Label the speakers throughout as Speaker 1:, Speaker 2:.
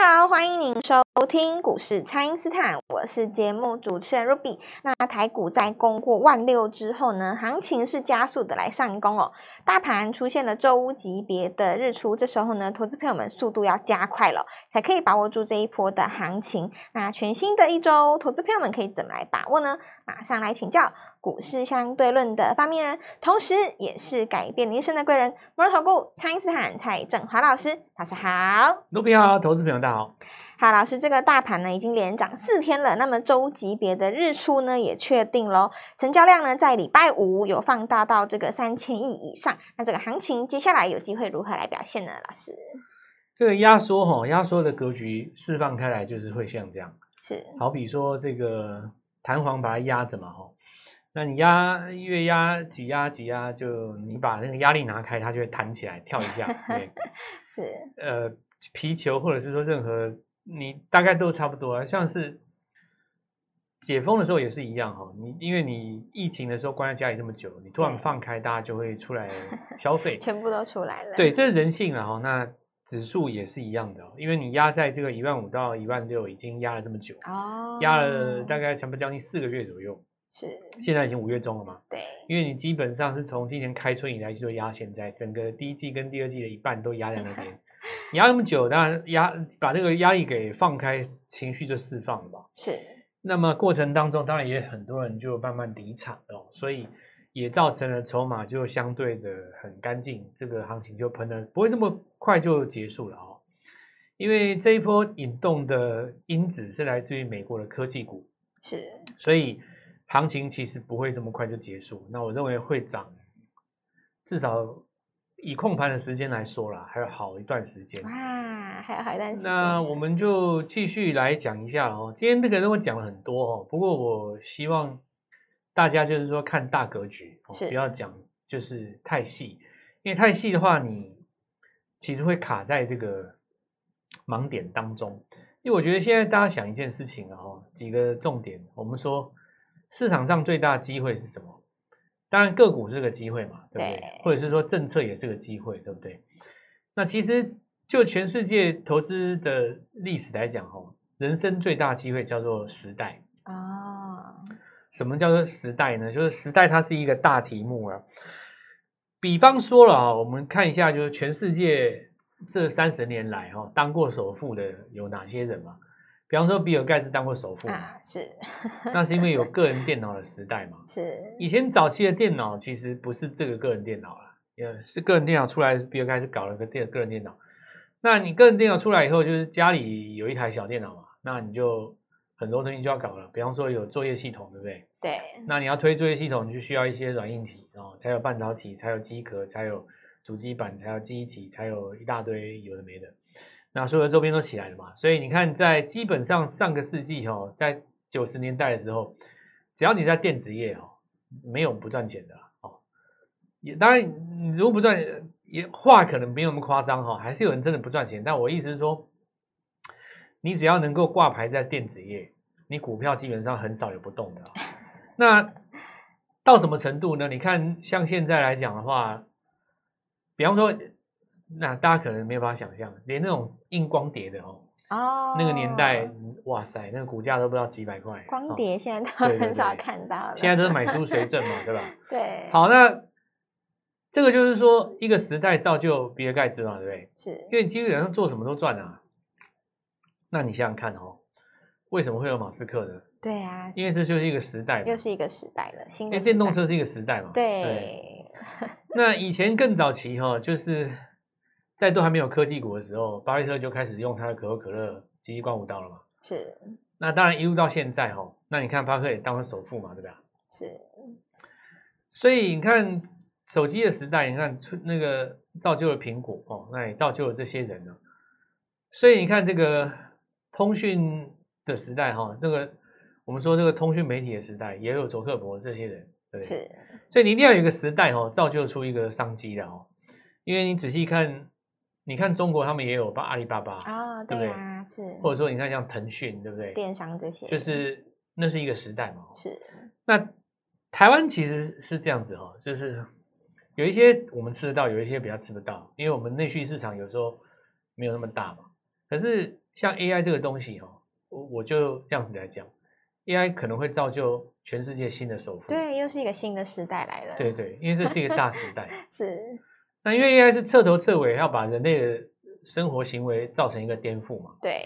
Speaker 1: 你好，歡迎您收收聽股市，蔡因斯坦，我是節目主持人 Ruby。那台股在攻過萬六之後呢，行情是加速的來上攻哦。大盤出現了周級別的日出，這時候呢，投資朋友們速度要加快了，才可以把握住這一波的行情。那全新的一周，投資朋友們可以怎麼來把握呢？馬上來請教股市相對論的發明人，同時也是改變人生的貴人，摩爾投顧蔡因斯坦蔡正華老師。大家好，Ruby 好，
Speaker 2: 投資朋友大家好。
Speaker 1: 好，老師，這個大盤呢已經連漲四天了。那麼週級別的日出呢也確定嘍，成交量呢在禮拜五有放大到這個三千億以上。那這個行情接下來有機會如何來表現呢？老師，
Speaker 2: 這個壓縮哈、哦，壓縮的格局釋放開來就是會像這樣，是好比說這個彈簧把它壓着嘛哈、哦，那你壓，越壓擠壓擠壓，壓，就你把那個壓力拿開，它就會彈起來跳一下。 對是呃，皮球或者是說任何。你大概都差不多啊，像是解封的時候也是一樣哈。你因為你疫情的時候關在家裡這麼久，你突然放開，大家就會出來消費，全
Speaker 1: 部都出來了。對，這是人
Speaker 2: 性了哈。那指數也是一樣的，因為你壓在這個一萬五到一萬六已經壓了這麼久，哦、壓了大概全部將近四個月左右。是，現在已經五月中了嘛？對，因為你基本上是從今年開春以來就壓現在，整個第一季跟第二季的一半都壓在那邊。 你壓那麼久，當然壓把那個壓力給放開，情緒就釋放了嘛。是。那麼過程當中，當然也很多人就慢慢離場了哦，所以也造成了籌碼就相對的很乾淨，這個行情就噴的不會這麼快就結束了哦。因為這一波引動的因子是來自於美國的科技股，是。所以行情其實不會這麼快就結束。那我認為會漲，至少。以控盤的時間來說啦，還有好一段時間。哇、啊，
Speaker 1: 還有好一段時間。那
Speaker 2: 我們就繼續來講一下哦。今天這個人我講了很多哦，不過我希望大家就是說看大格局、哦，不要講就是太細，因為太細的話，你其實會卡在這個盲點當中。因為我覺得現在大家想一件事情啊、哦，幾個重點，我們說市場上最大的機會是什麼？當然，個股是個機會嘛，對不對，對？或者是說政策也是個機會，對不對？那其實就全世界投資的歷史來講，哈，人生最大機會叫做時代
Speaker 1: 啊、
Speaker 2: 哦。什麼叫做時代呢？就是時代它是一個大題目啊。比方說了啊，我們看一下，就是全世界這三十年來哈、啊，當過首富的有哪些人嘛、啊？比方說，比爾蓋茨當過首富嘛、啊？
Speaker 1: 是，那是因
Speaker 2: 為有個人電腦的時代嘛？是。以前早期的電腦其實不是這個個人電腦了，也是個人電腦出來，比爾蓋茨搞了個電個，個人電腦。那你個人電腦出來以後，就是家裡有一台小電腦嘛？那你就很多東西就要搞了。比方說有作業系統，對不對？對。那你要推作業系統，你就需要一些軟硬體哦，才有半導體，才有機殼，才有主機板，才有記憶體，才有一大堆有的沒的。那、啊、所有的周邊都起來了嘛，所以你看，在基本上上個世紀哈、哦，在九十年代的時候，只要你在電子業哦，沒有不賺錢的、啊、哦。也當然，你如果不賺錢，也話可能沒有那麼誇張哈、哦，還是有人真的不賺錢。但我意思是說，你只要能夠掛牌在電子業，你股票基本上很少有不動的、啊。那到什麼程度呢？你看，像現在來講的話，比方說。那大家可能沒辦法想象，連那種硬光碟的哦，哦，那個年代，哇塞，那個股價都不知道幾百塊。
Speaker 1: 光碟現在都很少看到了。哦、對對對現在都是買書隨贈嘛， 對吧？對。
Speaker 2: 好，那這個就是說，一個時代造就比爾蓋茨嘛，對不對？是。因為基本上做什麼都賺啊。那你想想看哦，為什麼會有馬斯克呢？對啊，因為這就是一個時代，又
Speaker 1: 是一個時代了。新的、欸，電動車
Speaker 2: 是一個時代嘛。對。對 那以前更早期哈，就是。在都還沒有科技股的時候，巴菲特就開始用他的可口可樂、吉列刮五刀了嘛。是。那當然一路到現在哈，哦，那你看巴菲特也當了首富嘛，對不對？是。所以你看手機的時代，你看出那個造就了蘋果哦，那也造就了這些人呢。所以你看這個通訊的時代哈，這、哦，那個我們說這個通訊媒體的時代，也有卓克伯這些人，對。是。所以你一定要有一個時代哦，造就出一個商機的哦，因為你仔細看。你看中國，他們也有把阿里巴巴、哦、啊，對啊是，或者說你看像騰訊，對不對？電
Speaker 1: 商這些，就是
Speaker 2: 那是一個時代嘛。是。那台灣其實是這樣子哈、哦，就是有一些我們吃得到，有一些比較吃不到，因為我們內需市場有時候沒有那麼大嘛。可是像 AI 這個東西哈、哦，我我就這樣子來講，AI 可能會造就全世界新的首富。對，又
Speaker 1: 是一個新的時代來了。
Speaker 2: 對對，因為這是一個大時代。 是。那因為應該是徹頭徹尾要把人類的生活行為造成一個顛覆嘛？對。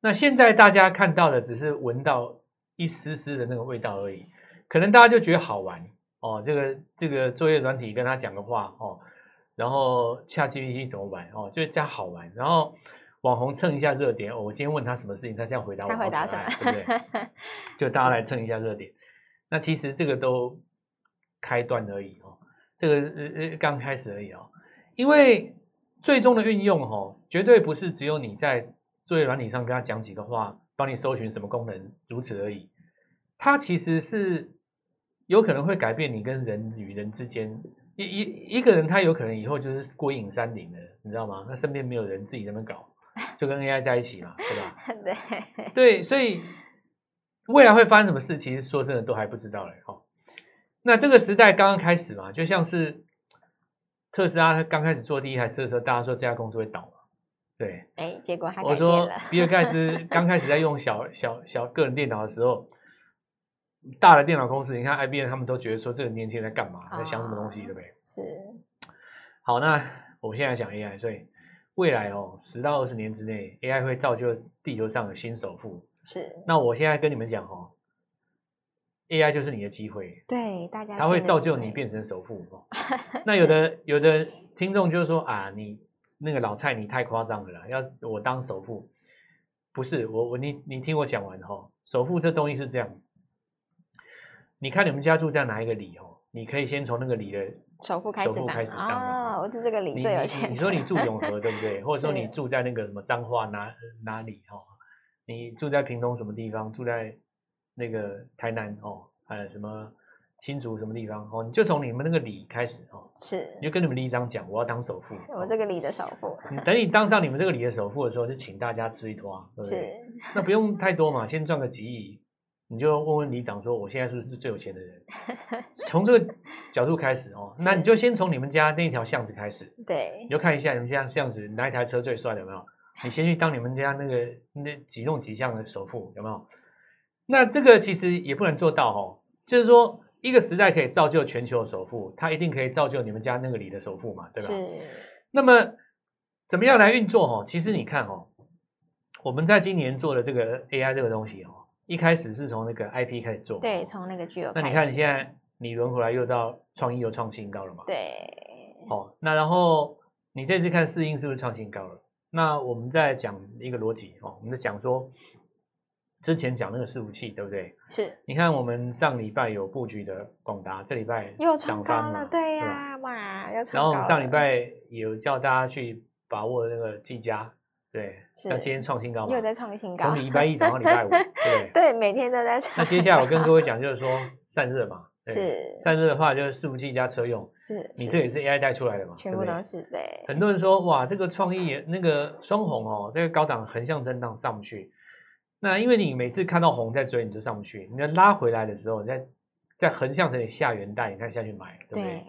Speaker 2: 那現在大家看到的只是聞到一絲絲的那個味道而已，可能大家就覺得好玩哦。這個這個作業軟體跟他講的話哦，然後下棋怎麼玩哦，就是這樣好玩。然後網紅蹭一下熱點、哦、我今天問他什麼事情，他這樣回答我，他回答啥、哦？對不對？ 就大家來蹭一下熱點。那其實這個都開端而已哦，這個呃呃剛開始而已哦。因為最終的運用哈、哦，絕對不是只有你在作業軟體上跟他講幾個話，幫你搜尋什麼功能如此而已。它其實是有可能會改變你跟人與人之間一一一個人，他有可能以後就是歸隱山林了，你知道嗎？那身邊沒有人，自己那麼搞，就跟 AI 在一起嘛， 是吧 對
Speaker 1: 吧？對，
Speaker 2: 所以未來會發生什麼事，其實說真的都還不知道嘞。好，那這個時代剛剛開始嘛，就像是。特斯拉他剛開始做第一台車的時候，大家說這家公司會倒嗎？對，誒、欸、結果
Speaker 1: 它改變了。我說
Speaker 2: 比爾蓋茨剛開始在用小小小個人電腦的時候，大的電腦公司，你看 IBM，他們都覺得說這個年輕人在幹嘛，在想什麼東西、哦，對不對？是。好，那我們現在講 AI，所以未來哦，十到二十年之內，AI 會造就地球上的新首富。
Speaker 1: 是。
Speaker 2: 那我現在跟你們講哦。AI 就是你的機會，
Speaker 1: 對大家，它會造就你變
Speaker 2: 成首富。那有的有的聽眾就是說啊，你那個老蔡你太誇張了啦，要我當首富？不是，我我你你聽我講完哈，首富這東西是這樣，你看你們家住在哪一個里哦，你可以先從那個里，首
Speaker 1: 富開始，首富開始當哦，我指這個里最有錢。你說你住永和對不對？
Speaker 2: 或者說你住在那個什麼彰化，哪哪裡哦？你住在屏東什麼地方？住在？那個台南哦，還有什麼新竹什麼地方哦？你就從你們那個里開始哦，是，你就跟你們里長講，我要當首富，
Speaker 1: 我這個里的首富，哦。你
Speaker 2: 等你當上你們這個里的首富的時候，就請大家吃一坨，啊。啊，是，那不用太多嘛，先賺個幾億，你就問問里長說，我現在是不是最有錢的人？從 這個角度開始哦， 那你就先從你們家那條巷子開始，對，你就看一下你們家巷子哪一台車最帥，有沒有？你先去當你們家那個那幾棟幾巷的首富，有沒有？那這個其實也不能做到哦，就是說一個時代可以造就全球首富，它一定可以造就你們家那個裡的首富嘛，對吧？是。那麼怎麼樣來運作哦？其實你看哦，我們在今年做的這個 AI 這個東西哦，一開始是從那個 IP 開始做，對，
Speaker 1: 從那個巨哦。那你看，你
Speaker 2: 現在你輪回來又到創意又創新高了嘛？對。哦，那然後你這次看世芯是不是創新高了？那我們再講一個邏輯哦，我們再講說。之前講那個伺服器，對不對？
Speaker 1: 是。你
Speaker 2: 看我們上禮拜有布局的廣達，這禮拜又創高了，對
Speaker 1: 呀、啊，哇，又創。然後我們上禮拜
Speaker 2: 有叫大家去把握那個技嘉，對，那今天創新，新高，又在
Speaker 1: 創新高，從禮拜一漲到禮拜五， 對。對，每天都在創。那接下來我跟各位
Speaker 2: 講，就是說散熱嘛。對，是，是散熱的話，就是伺服器加車用，
Speaker 1: 是。你這也
Speaker 2: 是 AI 帶出來的嘛？對對，全
Speaker 1: 部都是對。
Speaker 2: 很多人說哇，這個創意那個雙紅哦、喔，這個高檔橫向震盪上不去。那因為你每次看到紅在追，你就上不去。你要拉回來的時候，你再再橫向這裡下元帶，你看下去買，對不對？對？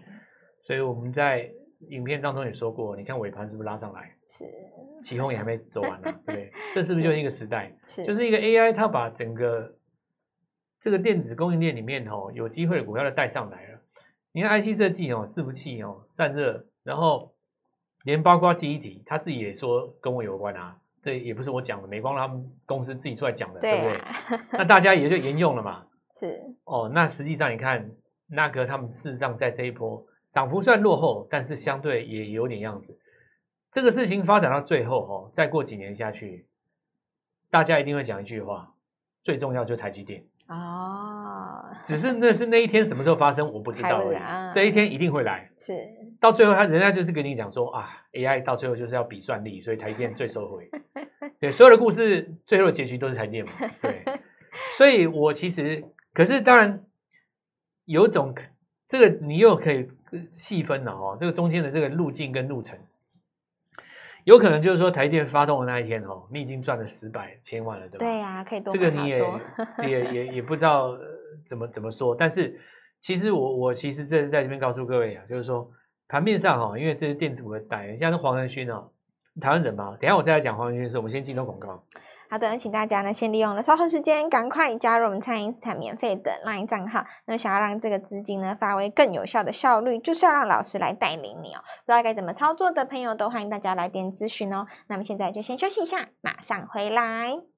Speaker 2: 所以我們在影片當中也說過，你看尾盤是不是拉上來？是，起哄也還沒走完呢、啊，對不對？ 這是不是就是一個時代？是是就是一個 AI，它把整個這個電子供應鏈裡面哦，有機會的股票都帶上來了。你看 IC 設計哦，伺服器哦，散熱，然後連包括記憶體，他自己也說跟我有關啊。對，也不是我講的，美光他們公司自己出來講的，對啊、對不對？
Speaker 1: 那大家也
Speaker 2: 就沿用了嘛。
Speaker 1: 是。
Speaker 2: 哦，那實際上你看，那個他們事實上在這一波漲幅雖然落後，但是相對也有點樣子。這個事情發展到最後哦，再過幾年下去，大家一定會講一句話，最重要就是台積電。
Speaker 1: 哦。只是
Speaker 2: 那是那一天什麼時候發生，我不知道而已的。這一天一定會來。是。到最後，他人家就是跟你講說啊，AI 到最後就是要比算力，所以台電最受惠。對，所有的故事最後的結局都是台電嘛。對，所以我其實可是當然有種這個你又可以細分了哦，這個中間的這個路徑跟路程，有可能就是說台電發動的那一天哦，你已經賺了十百千萬了，對吧？對呀、
Speaker 1: 啊，可以多毛毛多。這個你也
Speaker 2: 也也也不知道怎麼怎麼說，但是其實我我其實這是在這邊告訴各位啊，就是說。盤面上哈，因為這是電子股的代表，現在是黃仁勳哦，臺灣人嗎？等下我再來講黃仁勳的時候，我們先進入廣告。
Speaker 1: 好的，請大家呢，先利用了稍後時間，趕快加入我們蔡因斯坦免費的 LINE 賬號。那想要讓這個資金呢發揮更有效的效率，就是要讓老師來帶領你哦、喔。不知道該怎麼操作的朋友，都歡迎大家來電諮詢哦。那麼現在就先休息一下，馬上回來。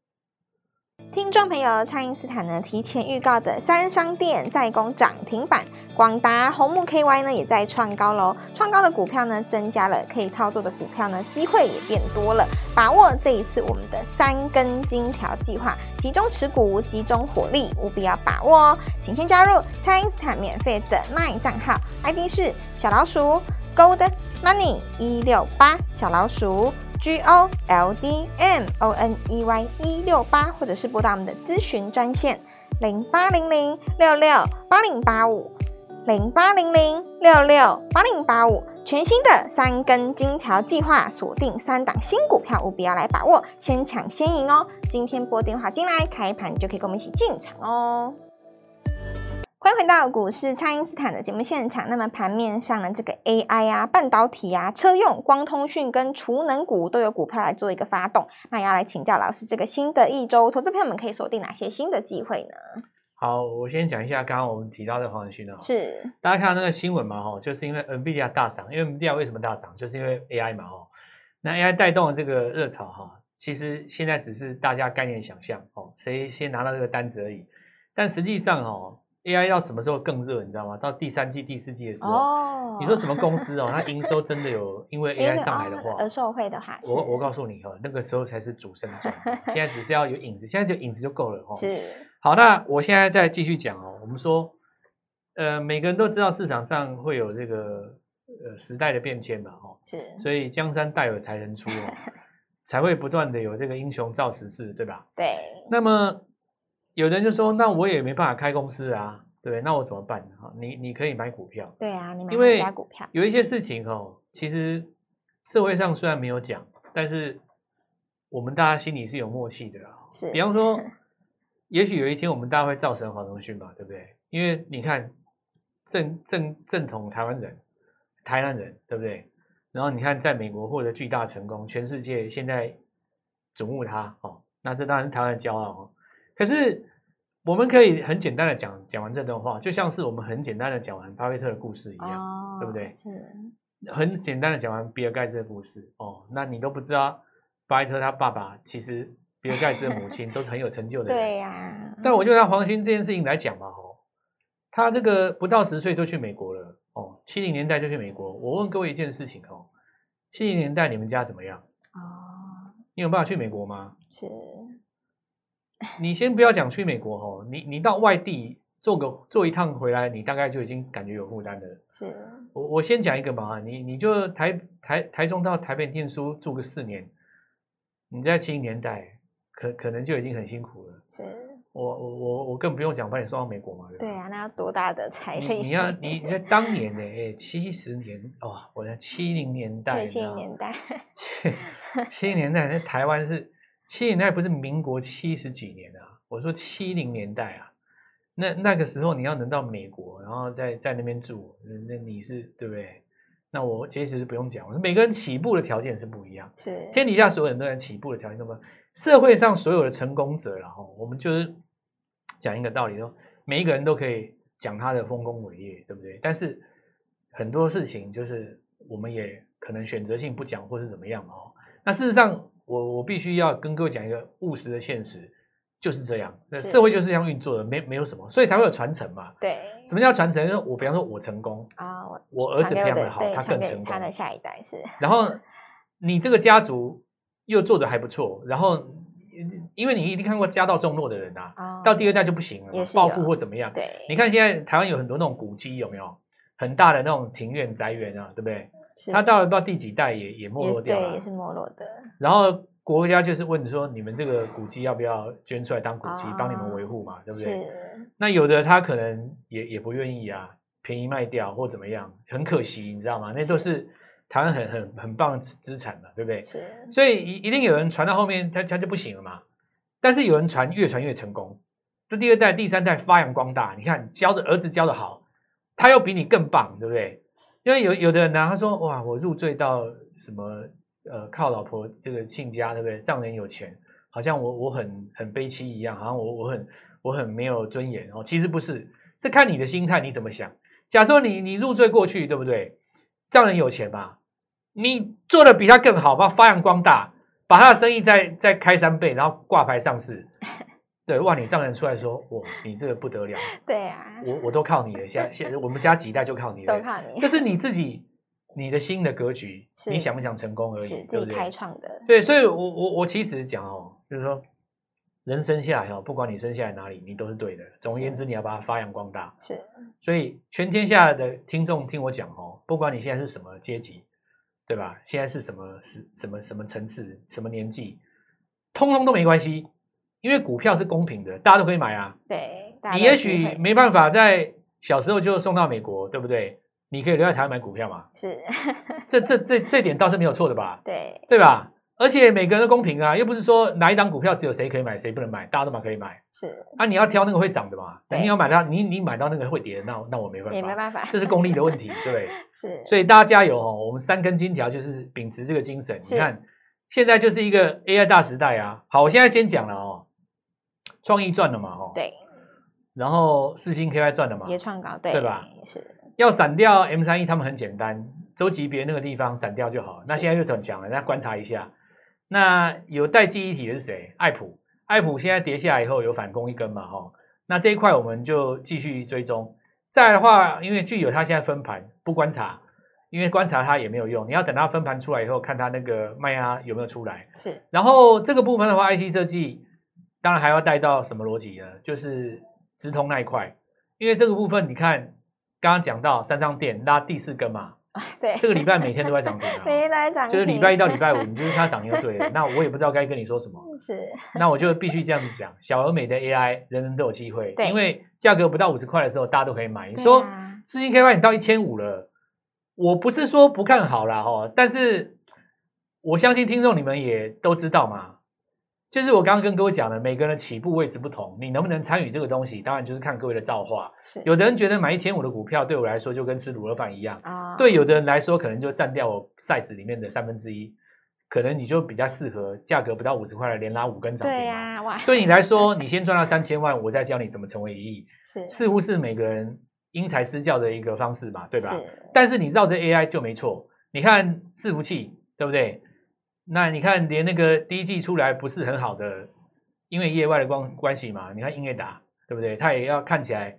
Speaker 1: 聽眾朋友，蔡因斯坦呢，提前預告的三商電在攻漲停板，廣達紅木 KY 呢也在創高囉，創高的股票呢增加了，可以操作的股票呢，機會也變多了，把握這一次我們的三根金條計劃，集中持股，集中火力，務必要把握哦！請先加入蔡因斯坦免費的 LINE@ 帳號，ID 是小老鼠 Gold Money 一六八小老鼠。G O L D M O N E Y 一六八，或者是撥打我們的諮詢專線零八零零六六八零八五零八零零六六八零八五，全新的三根金條計劃，鎖定三檔新股票，務必要來把握，先搶先贏哦！今天撥電話進來，開盤就可以跟我們一起進場哦。歡迎回到股市，蔡因斯坦的節目現場。那麼盤面上呢，這個 AI 啊、半導體啊、車用光通訊跟儲能股都有股票來做一個發動。那也要來請教老師，這個新的一周，投資朋友們可以鎖定哪些新的機會呢？
Speaker 2: 好，我先講一下剛剛我們提到的光通訊啊。是，大家看到那個新聞嘛？哈，就是因為 NVIDIA 大漲，因為 NVIDIA 為什麼大漲？就是因為 AI 嘛？哈，那 AI 帶動了這個熱潮。哈，其實現在只是大家概念想象，哦，誰先拿到這個單子而已。但實際上，哦。A I 要什麼時候更熱？你知道嗎？到第三季、第四季的時候，哦、你說什麼公司哦？ 它營收真的有因為 A I 上來的話，哦、
Speaker 1: 而受惠的話是
Speaker 2: 我我告訴你哦，那個時候才是主升段， 現在只是要有影子，現在就影子就夠了哈、哦。是。好，那我現在再繼續講哦。我們說，呃，每個人都知道市場上會有這個呃時代的變遷嘛、哦，哈，是。所以江山代有才人出，哦， 才會不斷的有這個英雄造時勢，對吧？對。那麼。有人就說：“那我也沒辦法開公司啊，對不對，那我怎麼辦？哈，你你可以買股票，
Speaker 1: 對啊，你買股票，因
Speaker 2: 為有一些事情哦，其實社會上雖然沒有講，但是我們大家心裡是有默契的啊。是，比方說，也許有一天我們大家會造神黃仁勳嘛，對不對？因為你看正正正統台灣人、台南人，對不對？然後你看在美國獲得巨大成功，全世界現在矚目他，哦，那這當然是台灣的驕傲。”可是我們可以很簡單的講，講完這段話，就像是我們很簡單的講完巴菲特的故事一樣，哦、對不對？是很簡單的講完比爾蓋茨的故事哦。那你都不知道巴菲特他爸爸其實比爾蓋茨的母親都是很有成就的人，
Speaker 1: 對呀、啊。但我
Speaker 2: 就拿黃鑫這件事情來講嘛，哦，他這個不到十歲就去美國了，哦，七零年代就去美國。我問各位一件事情哦，七零年代你們家怎麼樣哦，你有辦法去美國嗎？是。你先不要講去美國哈，你你到外地做個做一趟回來，你大概就已經感覺有負擔了。是，我我先講一個嘛，你你就台台台中到台北念書住個四年，你在七零年代可可能就已經很辛苦了。是，我我我我更不用講，把你送到美國嘛。
Speaker 1: 對，對啊，那要多大的財力？你，你要你你在
Speaker 2: 當年的、欸、誒，七十年哦，我在七零年代，七
Speaker 1: 零年代，
Speaker 2: 七零年代那台灣是。七零年代不是民國七十幾年啊！我說七零年代啊，那那個時候你要能到美國，然後在在那邊住，那你是對不對？那我其實不用講，我說每個人起步的條件是不一樣，是天底下所有人都在起步的條件都不一樣。社會上所有的成功者，然後我們就是講一個道理說，每一個人都可以講他的豐功偉業，對不對？但是很多事情就是我們也可能選擇性不講，或是怎麼樣哦。那事實上。我我必須要跟各位講一個務實的現實，就是這樣，那社會就是這樣運作的，沒沒有什麼，所以才會有傳承嘛。對，什麼叫傳承？因為我比方說，我成功
Speaker 1: 啊，我兒子培養的好，他更成功，他的下一代是。然後
Speaker 2: 你這個家族又做得還不錯，然後因為你一定看過家道中落的人啊，啊，到第二代就不行了，暴富或怎麼樣？對，你看現在台灣有很多那種古蹟，有沒有很大的那種庭院宅園啊？對不對？他到了不知道第幾代也也沒落掉，啊，對，也
Speaker 1: 是沒落的。
Speaker 2: 然後國家就是問說：“你們這個古蹟要不要捐出來當古蹟，幫、啊、你們維護嘛？對不對？”是。那有的他可能也也不願意啊，便宜賣掉或怎麼樣，很可惜，你知道嗎？那都是台灣很很很棒的資資產嘛，對不對？是。所以一一定有人傳到後面，他他就不行了嘛。但是有人傳，越傳越成功，這第二代、第三代發揚光大。你看，教的兒子教的好，他又比你更棒，對不對？因為有有的人呢，他說：“哇，我入贅到什麼？呃，靠老婆這個親家，對不對？丈人有錢，好像我我很很悲戚一樣，好像我我很我很沒有尊嚴哦。其實不是，是看你的心態，你怎麼想。假設你你入贅過去，對不對？丈人有錢嘛，你做得比他更好，把發揚光大，把他的生意再再開三倍，然後掛牌上市。”對，哇！你丈人出來說：“我，你這個不得了。”對呀、啊，我我都靠你了。現現在我們家幾代就靠你了，都靠你了。就是你自己，你的新的格局，你想不想成功而已是，對不對？是，自己開
Speaker 1: 創的。對，
Speaker 2: 所以我我我其實講哦，就是說，人生下來哦，不管你生下來哪裡，你都是對的。總而言之，你要把它發揚光大是。是，所以全天下的聽眾聽我講哦，不管你現在是什麼階級，對吧？現在是什麼是什麼什麼層次、什麼年紀，通通都沒關係。因為股票是公平的，大家都可以買啊。
Speaker 1: 對，你也許
Speaker 2: 沒辦法在小時候就送到美國，對不對？你可以留在台灣買股票嘛。是，這這這這點倒是沒有錯的吧？對，對吧？而且每個人都公平啊，又不是說哪一檔股票只有誰可以買，誰不能買，大家都可以買。是，啊，你要挑那個會漲的嘛。你要買到你你買到那個會跌的，那那我沒辦法，也沒辦法，這是功力的問題。對， 是，所以大家加油哦！我們三根金條就是秉持這個精神。你看，現在就是一個 AI 大時代啊。好，我現在先講了哦。創意賺了嘛，吼。對。然後四星 KY 賺了嘛，
Speaker 1: 也創高，對吧？是
Speaker 2: 要閃掉 M 三 E，他們很簡單，週級別那個地方閃掉就好。那現在又怎麼講了？大家觀察一下，那有帶記憶體的是誰？艾普，艾普現在跌下來以後有反攻一根嘛，吼。那這一塊我們就繼續追蹤。再來的話，因為具有它現在分盤不觀察，因為觀察它也沒有用，你要等它分盤出來以後，看它那個賣壓有沒有出來。是。然後這個部分的話，IC 設計。當然還要帶到什麼邏輯呢？就是直通那一塊，因為這個部分你看剛剛講到三張電拉第四根嘛，對，這個禮拜每天都在漲停，
Speaker 1: 對，每天在漲，就是禮拜一到禮拜
Speaker 2: 五，你就覺得它漲就對了。 那我也不知道該跟你說什麼，
Speaker 1: 是，
Speaker 2: 那我就必須這樣子講。小而美的 AI，人人都有機會，對，因為價格不到五十塊的時候，大家都可以買。你說四千 KY，你、啊、到一千五了，我不是說不看好啦，哈，但是我相信聽眾你們也都知道嘛。就是我剛剛跟各位講了，每個人的起步位置不同，你能不能參與這個東西，當然就是看各位的造化。是，有的人覺得買一千五的股票對我來說就跟吃滷肉飯一樣啊、哦，對有的人來說可能就占掉我 size 裡面的三分之一，可能你就比較適合價格不到五十塊的連拉五根漲停。對呀、哇，對你來說，okay、你先賺到三千萬，我再教你怎麼成為一億。是，似乎是每個人因材施教的一個方式嘛，對吧？是，但是你繞着 AI 就沒錯。你看伺服器，對不對？那你看，連那個第一季出來不是很好的，因為業外的關關係嘛。你看英業達，對不對？它也要看起來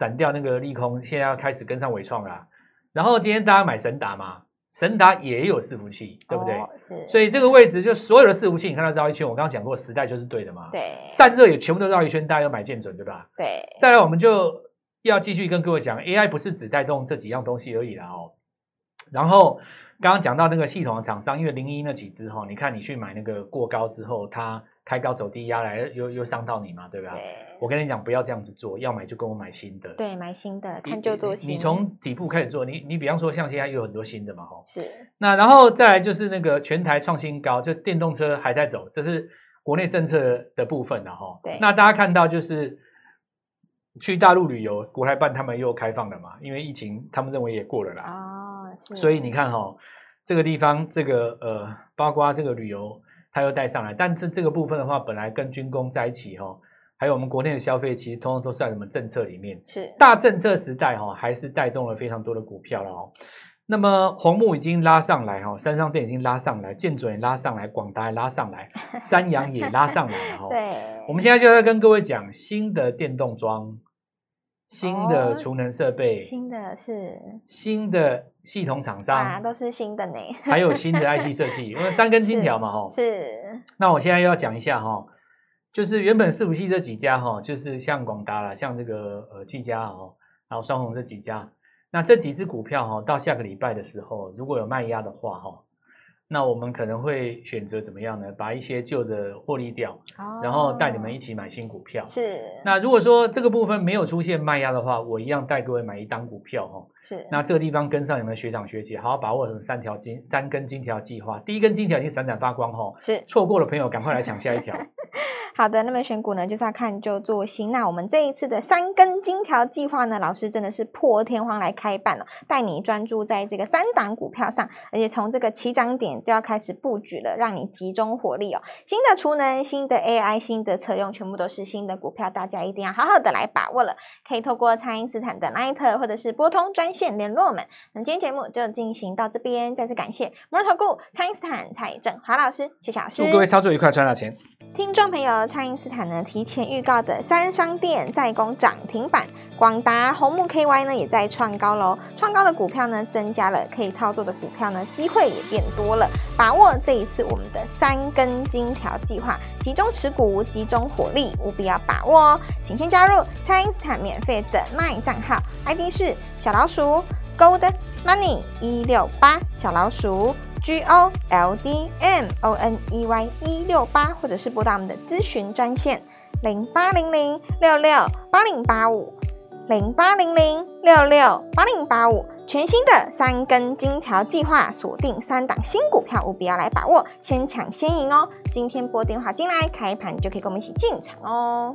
Speaker 2: 閃掉那個利空，現在要開始跟上緯創啦。然後今天大家買神達嘛，神達也有伺服器，對不對、哦？所以這個位置就所有的伺服器，你看到繞一圈，我剛剛講過，時代就是對的嘛。對。散熱也全部都繞一圈，大家要買建準對吧？對。再來，我們就要繼續跟各位講，AI 不是只帶動這幾樣東西而已啦哦，然後、嗯。剛剛講到那個系統的廠商，因為零一那幾隻吼、哦，你看你去買那個過高之後，它開高走低壓來又，又又傷到你嘛，對吧對？我跟你講，不要這樣子做，要買就跟我買新的。
Speaker 1: 對，買新的，看就做新。你，你從
Speaker 2: 底部開始做，你你比方說像現在有很多新的嘛、哦，哈。是。那然後再來就是那個全台創新高，就電動車還在走，這是國內政策的部分了。哈。對。那大家看到就是去大陸旅遊，國台辦他們又開放了嘛，因為疫情他們認為也過了啦。哦所以你看哈、哦，這個地方這個呃，包括這個旅遊，它又帶上來。但是這個部分的話，本來跟軍工在一起哈、哦，還有我們國內的消費，其實通常都是在什麼政策裡面？是大政策時代哈、哦，還是帶動了非常多的股票了哦。那麼紅木已經拉上來哈、哦，三商電已經拉上來，建準也拉上來，廣達也拉上來，三陽也拉上來哈、哦。
Speaker 1: 對，
Speaker 2: 我們現在就在跟各位講新的電動裝。新的儲能設備、哦，新的是新的系統廠商啊，都
Speaker 1: 是新的呢。 還有
Speaker 2: 新的 IC 設計，因為三根金條嘛，哈。
Speaker 1: 是。
Speaker 2: 那我現在要講一下哈，就是原本伺服器這幾家哈，就是像廣達啦，像這個呃技嘉，然後雙鴻這幾家，那這幾隻股票哈，到下個禮拜的時候，如果有賣壓的話哈。那我們可能會選擇怎麼樣呢？把一些舊的獲利掉，哦，然後帶你們一起買新股票。是。那如果說這個部分沒有出現賣壓的話，我一樣帶各位買一檔股票哦。是。那這個地方跟上你們學長學姐，好好把握成三條金三根金條計劃，第一根金條已經閃閃發光哈、哦。是。錯過的朋友，趕快來搶下一條。
Speaker 1: 好的，那麼選股呢就是要看就做新。那我們這一次的三根金條計劃呢，老師真的是破天荒來開辦了、喔，帶你專注在這個三檔股票上，而且從這個起漲點就要開始布局了，讓你集中火力哦、喔。新的儲能、新的 AI、新的車用，全部都是新的股票，大家一定要好好的來把握了。可以透過蔡因斯坦的 line 或者是撥通專線聯絡我們。那我們今天節目就進行到這邊，再次感謝摩爾投顧蔡因斯坦蔡正華老師謝謝老師，祝各位操
Speaker 2: 作愉快，賺到錢，聽
Speaker 1: 眾。朋友，蔡因斯坦呢提前預告的三商店在攻漲停板，廣達紅木 KY 呢也在創高嘍。創高的股票呢，增加了可以操作的股票呢，機會也變多了。把握這一次我們的三根金條計劃，集中持股，集中火力，務必要把握哦。請先加入蔡因斯坦免費的 LINE 賬號，ID 是小老鼠 Gold Money 一六八小老鼠。G O L D M O N E Y 一六八，或者是撥打我們的諮詢專線零八零零六六八零八五零八零零六六八零八五。8085, 8085, 全新的三根金條計劃，鎖定三檔新股票，務必要來把握，先搶先贏哦！今天撥電話進來，開盤就可以跟我們一起進場哦。